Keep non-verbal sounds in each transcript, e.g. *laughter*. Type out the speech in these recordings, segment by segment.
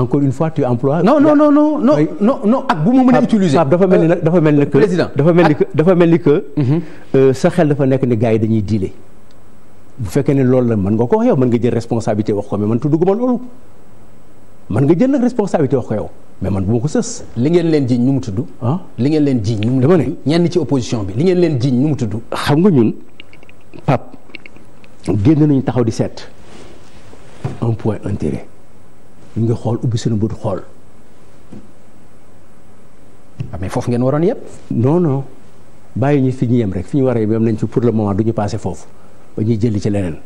encore une fois tu emploies. non non non non no no ak bu ma mën a utiliser. Pape dafa mel ni euh, nag dafa mel ni que président ni que dafa mel ni que. Mhm. Euh, sa xel dafa nekk ni gars yi dañuy diile. bu fekkee ne loolu la mën nga ko wax yow mën nga jël responsabilité wax ko mais man tudduguma loolu mën nga jël nag responsabilité wax ko yow mais man bu ma ko sës. li ngeen leen jiiñ ñu mu tudd. ah li ngeen leen jiiñ ñu mu. dama ñenn ci opposition bi li ngeen leen jiiñ ñu mu tudd. xam nga ñun Pape génn nañu taxaw di seet un point intérêt ñu ngi xool ubbi seen bët xool. waaw ah, mais foofu ngeen waroon yëpp. non bàyyi ñu fi ñu yem rek fi ñu war a yem nañ ci pour le moment du ñu passé foofu ba ñuy jëli ci leneen.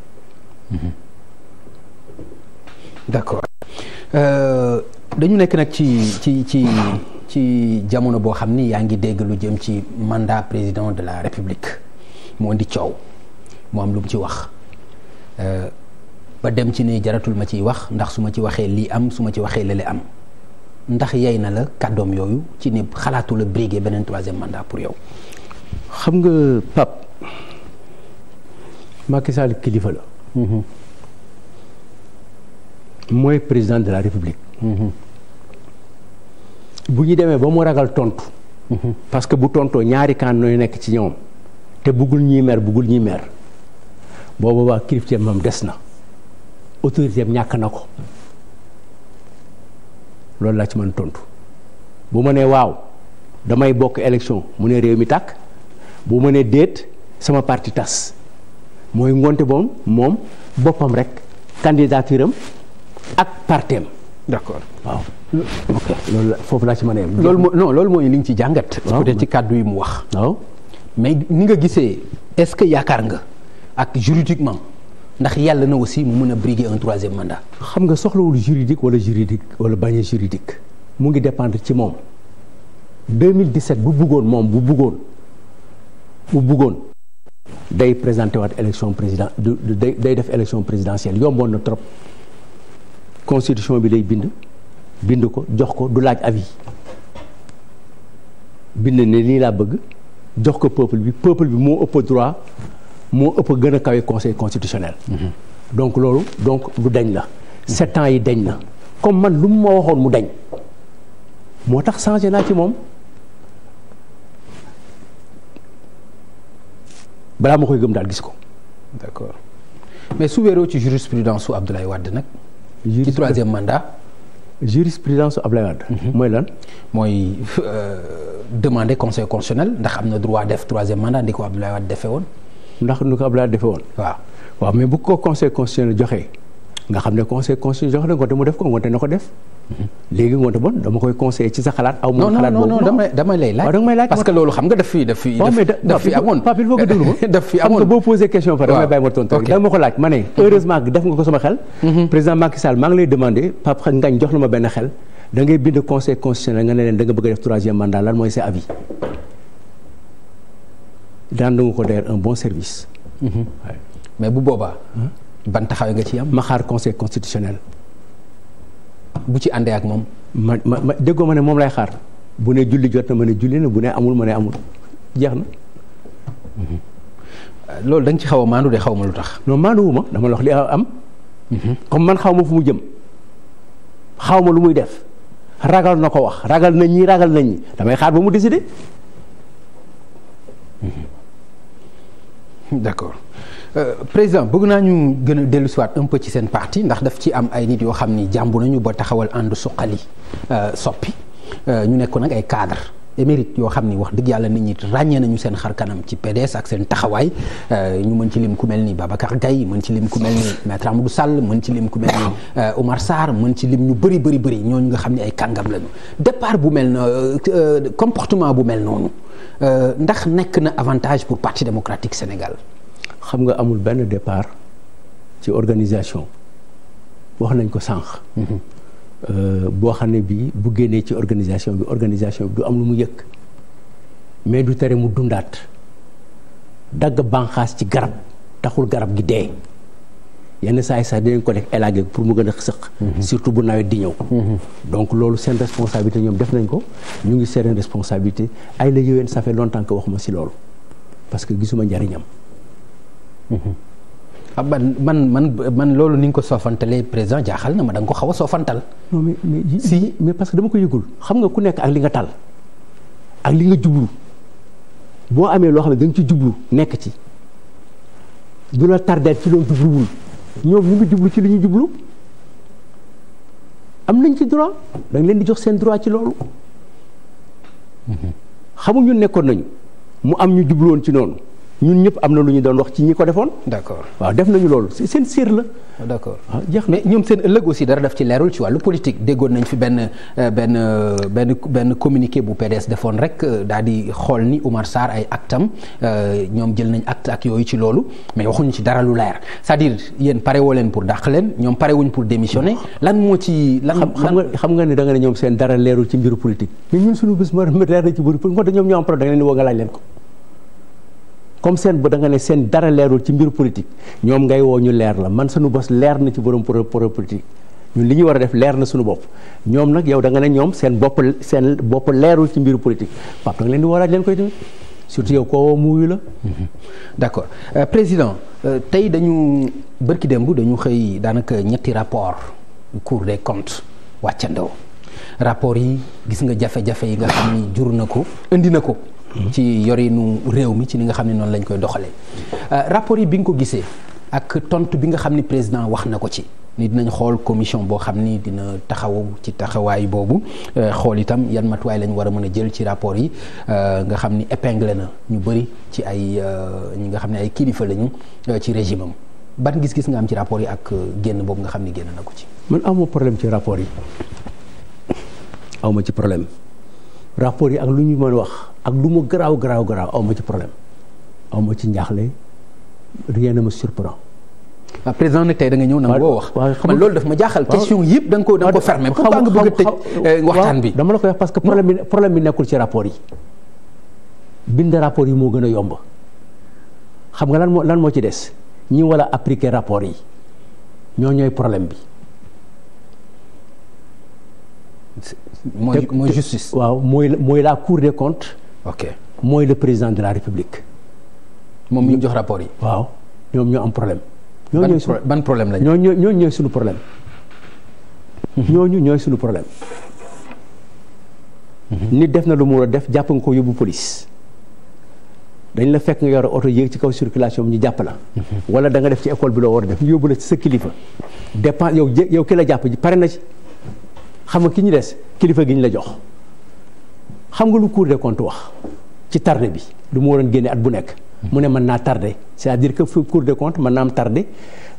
Mhm. d'accord euh, dañu nekk nag ci ci ci ci jamono boo xam ni yaa ngi dégg lu jëm ci mandat président de la république moo di coow mu am lu mu ci wax. Euh, ba dem ci ni jaratul ma ciy wax ndax su ma ci waxee lii am su ma ci waxee lële am ndax yey na la kàddoom yooyu ci ni xalaatul la briguer beneen troisième mandat pour yow. xam nga pap Macky kilifa la. Mm-hmm. mooy président de la république. Mm-hmm. bu ñu demee ba mu ragal tontu. Mm-hmm. parce que bu tontoo ñaari kan nooy nekk ci ñoom. te buggul ñii mer buggul ñii mer boobu waa kilifteem moom des na. autorité am ñàkk na ko loolu laa ci mën tontu bu ma nee waaw damay bokk élection mu ne réew mi tàkk bu ma nee déet sama parti tas mooy ngonte boom moom boppam rek candidature am ak partem d'accord waaw ok loolu la foofu laa ci mën a yem loolu moo non loolu mooy li ci jàngat peut-être ci kàddu yi mu wax waaw mais ni nga gisee est-ce que yaakaar nga ak juridiquement ndax yàlla na aussi mu mën a briguer un troisième mandat. xam nga soxlawul juridique wala juridique wala bañ juridique mu ngi dépendre ci moom 2017 bu buggoon moom bu bëggoon bu bëggoon day présenté waat élection président day day def élection présidentielle yomboon na trop constitution bi day bind bind ko jox ko du laaj avis bind ne lii laa bëgg jox ko peuple bi peuple bi moo ëpp droit. moo ëpp gën a kawe conseil constitutionnel. donc loolu donc lu dañ la. sept yi dañ na comme man lu mu ma waxoon mu dañ moo tax changé naa ci moom balaa ma koy gëm daal gis ko. d'accord mais su wéeroo ci jurisprudence su Abdoulaye Wade nag. ci troisième mandat. jurisprudence su Abdoulaye Wade. Mhm. mooy lan mooy euh, demander conseil constitutionnel ndax am na droit def troisième mandat ndi ko Abdoulaye Wade defee woon. ndax nu ko Abdoulaye defee woon. waaw waaw mais ko conseil constitutionnel joxee nga xam ne conseil constitutionnel jox na ngoonte mu def ko ngoonte na ko def. Mhm. léegi nga daf *laughs* boo posé question fa damay bàyyi ma tontu rek dama ko laaj ma mhm. heureusement def nga ko sama xel. Mhm. président Macky maa ngi lay demandé Pape Ngagne jox na ma benn xel da bind conseil constitutionnel nga ne leen da def troisième mandat lan mooy sa avis rendu nga ko d'ailleurs un bon service. Mmh. mais bu boobaa. banta taxawaay nga ci am. ma xaar conseil constitutionnel. bu ci àndee ak moom. ma ma ma déggoo ma ne moom lay xaar. bu ne julli jot na ma ne julli na bu ne amul ma ne amul jeex na. Mhm. Euh, loolu da ci xaw a maandu de xaw ma lu tax. non maanduwuma dama la wax li am. Mhm. comme man xaw ma fu mu jëm. xaw ma lu muy def. ragal na ko wax ragal na ñi ragal na ñi damay xaar ba mu décider. Mhm. *laughs* d'accord euh, président bëgg naa ñu gën a dellu siwaat un peu ci seen parti ndax daf ci am ay nit yoo xam ni jàmbu nañu ba taxawal ànd suqali euh, soppi euh, ñu nekkoon nag ay cadre émérite yoo xam ni wax dëgg yàlla nit ñi ràññee nañu seen xar kanam ci PDS ak seen taxawaay euh, ñu mën ci lim ku mel ni Babacar Gaye mën ci lim ku mel ni Maître Amadou Sall mën ci lim ku mel ni euh, Omar Sarr mën ci lim ñu bëri bari bëri ñooñu nga xam ne ay kàngam lañu départ bu mel na euh, comportement bu mel noonu ndax nekk na avantage pour Parti démocratique Sénégal. xam nga amul benn départ ci organisation wax nañ ko sànq. Mm-hmm. Euh, boo xam ne bii bu génnee ci organisation bi organisation bi du am lu mu yëkk mais du tere mu dundaat dagg banqaas ci garab taxul garab gi dee yenn saa yi sax dinañ ko def élagé pour mu gën a sëq mhm. surtout bu nawet di ñëw mhm. donc loolu seen responsabilité ñoom def nañ ko ñu ngi seen responsabilité ay la yoween ça fait longtemps que waxuma si loolu parce que gisuma njariñam mhm. ah man man man man loolu ni ko soofantalee président jaaxal na ma da ko xaw a soofantal. non mais mais si mais parce que dama ko yëgul xam nga ku nekk ak li nga tal ak li nga jublu boo amee loo xam ne da ci jublu nekk ci du la tardé ci loo jubluwul jublu ci li ñu jublu am nañ ci droit da leen di jox seen droit ci loolu. Mhm. xamuñu nekkoon nañu mu am ñu jubluwoon ci noonu. ñun ñëpp am na lu ñu doon wax ci ñi ko defoon. d'accord waaw def nañu loolu seen siir la. d'accord ah, jeex mais ñoom seen ëllëg aussi dara daf ci leerul ci wàllu politique déggoon nañ fi benn euh, benn euh, benn benn communiqué bu PDS defoon rek euh, daal di xool ni Oumar Sarr ay actam ñoom jël nañ acte ak yooyu ci loolu mais waxuñu ci dara lu leer c'est-à-dire yéen pare woo leen pour dàq leen ñoom pare wuñ pour démissionner lan moo ci. lan xam nga xam nga ne da ne ñoom seen dara leerul ko. comme seen bu da nga ne seen dara leerul ci mbir politique ñoom ngay woo ñu leer la man sunu bos leer na ci borom pro politique ñun li ñu war a def leer na suñu bopp ñoom nag yow da nga ne ñoom seen bopp seen bopp leerul ci mbiru politique Pape da nga leen di waraaj leen koy tamit surtout yow koo woo muuyu la. Mm-hmm. d'accord euh, président euh, tey dañu bërki démb dañu xëy daanaka ñetti rapport cour des comptes wàccandoo rapport yi gis nga jafe-jafe yi nga xam ni jur na ko indi na ko. ci yorinu réew mi ci li nga xam ne noonu lañ koy doxalee. Euh, rapport yi bi nga ko gisee ak tontu bi nga xam ne président wax na ko ci. ni dinañ xool commission boo xam ni dina taxaw ci taxawaay boobu euh, xool itam yan matuwaay lañu war a mën a jël ci rapport yi euh, nga xam ni épinglé na ñu bëri ci ay ñi nga xam ne ay kilifa lañu ci régime ban gis-gis nga am ci rapport yi ak génn boobu nga xam ni génn na ko ci. man amoo problème ci rapport yi awma ci problème rapport yi ak lu ñu mën wax ak lu mu garaaw garaaw garaaw aw ma ci problème aw ma ci njaaxle rien ne me surprend. waaw président nag tey da nga ñëw nanga woo wax. waaw man loolu daf ma jaaxal. question yëpp da nga ko da nga ko fermé. Euh, bi dama la ko wax parce que problème bi problème bi nekkul ci rapport yi. bind rapport yi moo gën a yomb xam nga lan moo lan moo ci des ñi wala appliquer rapport yi ñoo ñooy problème bi. mooy mooy justice. waaw mooy mooy la cour des comptes. ok mooy le président de la république. moom mi ñu jox rapport yi. waaw ñoom ñoo am problème. ñoo ñooy ban problème ñoo ñooñu hmm. ñooñu ñooy suñu problème. ñooñu ñooy suñu problème. nit def na lu mu war a def jàpp nga ko yóbbu police. dañ la fekk nga yor oto yéeg ci kaw circulation bi ñu jàpp la. Hmm. wala da nga def ci école bi loo war a def ñu yóbbu la ci sa kilifa. dépend yow yow ki la jàpp ji pare na ci xam nga ki ñu des kilifa gi ñu la jox. xam nga lu Cour des comptes wax ci tardé bi lu mu waroon génne at bu nekk. mu ne mën naa tardé c'est-à-dire que fu Cour des comptes mën naa am tardé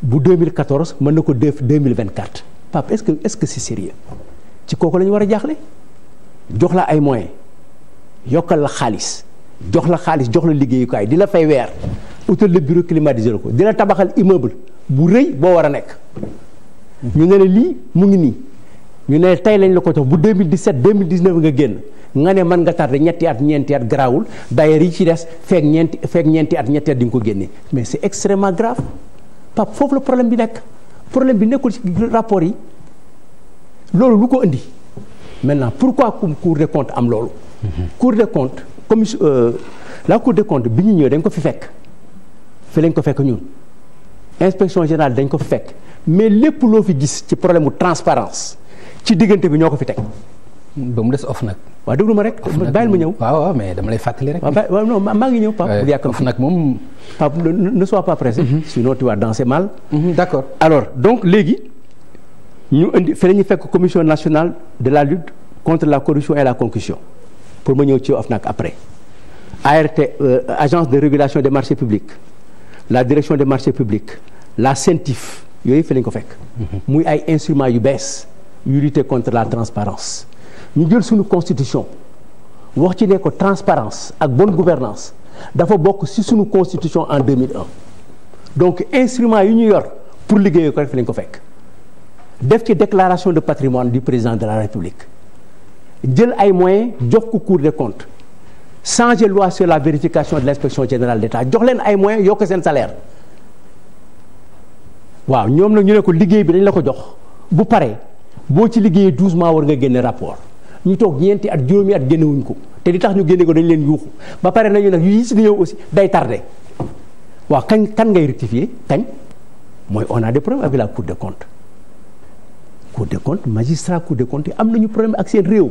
bu 2014 mën na ko def 2024 Pape est-ce que est-ce que c'est sérieux ci kooku la ñu war a jaaxle jox la ay moyens yokkal la xaalis jox la xaalis jox la liggéeyukaay di la fay weer utal la bureau climatisé ko di la tabaxal immeuble bu rëy boo war a nekk. ñu ne la mu ngi nii ñu ne tey lañ la ko nga génn. nga ne mën nga tardé ñetti at ñeenti at garaawul d'ailleurs yi ci des feeg ñeenti feeg ñeenti at ñetti at di ko génne mais c'est extrêmement grave Pape foofu la problème bi nekk problème bi nekkul ci rapport yi loolu lu ko indi maintenant pourquoi cour des comptes am loolu. Mhm. cour des comptes comme euh, la cour des comptes bi ñu ñëwee dañ ko fi fekk fi lañ ko fekk ñun inspection générale dañ ko fi fekk mais lépp loo fi gis ci problème mu transparence ci diggante bi ñoo ko fi teg. ba mu des of nag. waaw déglu ma rek bàyyil ma ñëw. waaw waaw mais dama lay fàttali rek. waaw non maa ngi ñëw Pape. bu euh, nag moom. Pape ne sois pas pressé. Mm-hmm. sinon tu vas danser mal. Mm-hmm, d'accord alors donc léegi ñu indi fële ñu fekk commission nationale de la lutte contre la corruption et la concussion pour ma ñëw ci of nag après. ART euh, agence de régulation des marché publics la direction des marchés publics la CENTIF yooyu fële ko fekk. Mm-hmm. muy ay instruments yu bees yu lutter contre la transparence ñu jël suñu constitution wax ci ne ko transparence ak bon gouvernance dafa bokk si suñu constitution en 2001 donc instrument yu ñu yor pour liggéeyee ko rek lañ ko fekk def ci déclaration de patrimoine du président de la république jël ay moyens jox ko cour des comptes changer loi sur la vérification de l' inspection générale d' jox leen ay moyens yokk seen salaire waaw ñoom nag ñu ne ko liggéey bi dañ la ko jox bu paree boo ci liggéeyee douze war nga génne rapport ñu toog ñeenti at juróomi at génnewuñ ko te li tax ñu génne ko dañ leen yuuxu ba pare nañu nag yu yi si ñëw aussi day tardé waaw kañ kan ngay rectifier kañ mooy on a des problèmes avec la cour des comptes cour des comptes magistrat cour yi am nañu problème ak seen réew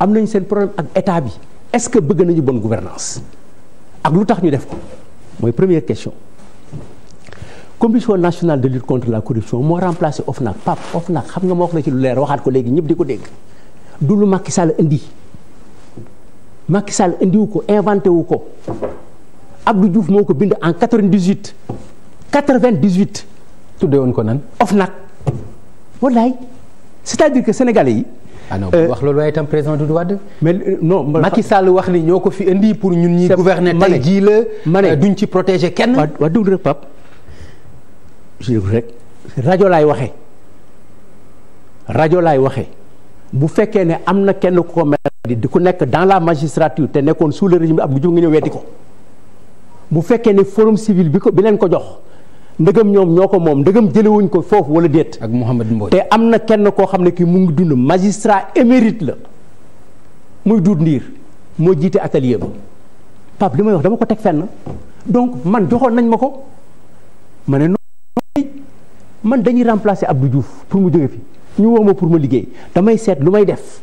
am nañu seen problème ak état bi est-ce que bëgg nañu bonne gouvernance ak lu tax ñu def ko mooy première question commission nationale de lutte contre la corruption moo remplacé OFNAC Pape OFNAC xam nga ma wax la ci lu leer waxaat ko léegi ñëpp di ko dégg du lu Macky Sall indi Macky Sall indiwu ko inventé wu ko Abdou Diouf moo ko bind en 98 98. tuddee woon ko nan. OFNAC wallaay c'est-à-dire que sénégalais yi. ah non euh, wax loolu waaye itam président Doudou Wade. mais euh, non Macky Sall wax ni ñoo ko fi indi pour ñun ñi gouverner tey jii la. ma euh, duñ ci protégé kenn. waaw waaw déglu rek Pape je rek rajo laay waxee rajo laay waxee. bu fekkee ne am na kenn ku ko mel di ku nekk dans la magistrature te nekkoon sous le régime bi Abdou Diouf nga ñëw weddi ko bu fekkee ne forum civil bi ko bi leen ko jox ndëgëm ñoom ñoo ko moom ndëgëm jëlewuñ ko foofu wala déet. ak Mouhamed Mbodj te am na kenn koo xam ne ki mu ngi dund magistrat émérite la muy duut ndiir moo jiite atelier ba Pape li may wax dama ko teg fenn donc man joxoon nañ ma ko ma ne man dañuy remplacer Abdou Diouf pour mu jóge fi ñu woo ma pour ma liggéey damay seet lu may def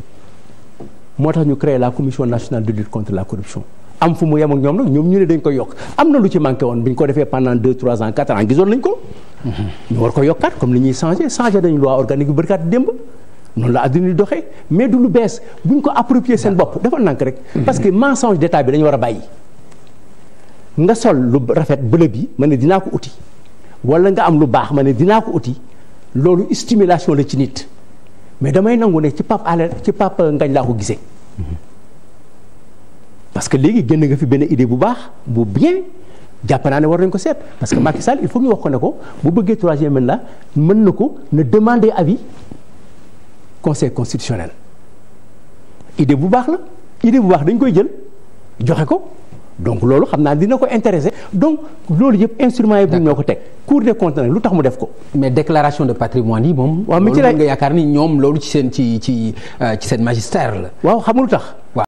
moo tax ñu créé la commission nationale de lutte contre la corruption am fu mu yem ak ñoom nag ñoom ñu ne dañ ko yokk am na lu ci manqué woon bi ñu ko defee pendant deux trois ans quatre ans gisoon nañ ko. Mhm. ñu war ko yokkaat comme ni ñuy changé changé nañ loi organique bi bërkaat démb. noonu la àddina di doxee mais du lu bees bu ñu ko approprier seen bopp dafa nànk rek. Mhm. parce que mensonge d'état bi dañu war a bàyyi. nga sol lu rafet bële bi ma ne dinaa ko uti wala nga am lu baax ma ne dinaa ko uti loolu stimulation la ci nit mais damay nangu ne ci Pape Alé ci Pape ngañ laa ko gisee parce que léegi génn nga fi benn idée bu baax bu bien jàpp naa ne war nañ ko seet parce que Macky Sall il faut ñu wax ko ne ko bu bëggee troisième mandat mën na ko na demander avis conseil constitutionnel idée bu baax la idée bu baax dañ koy jël joxe ko. donc loolu xam naa dina ko intéressé donc loolu yëpp instrument yi ñoo ko teg cour des comptes lu tax mu def ko mais déclaration de patrimoine yi moom waaw mi ci la nga yaakaar ni ñoom loolu ci seen ci ci euh, ci seen magistère la waaw xam lu tax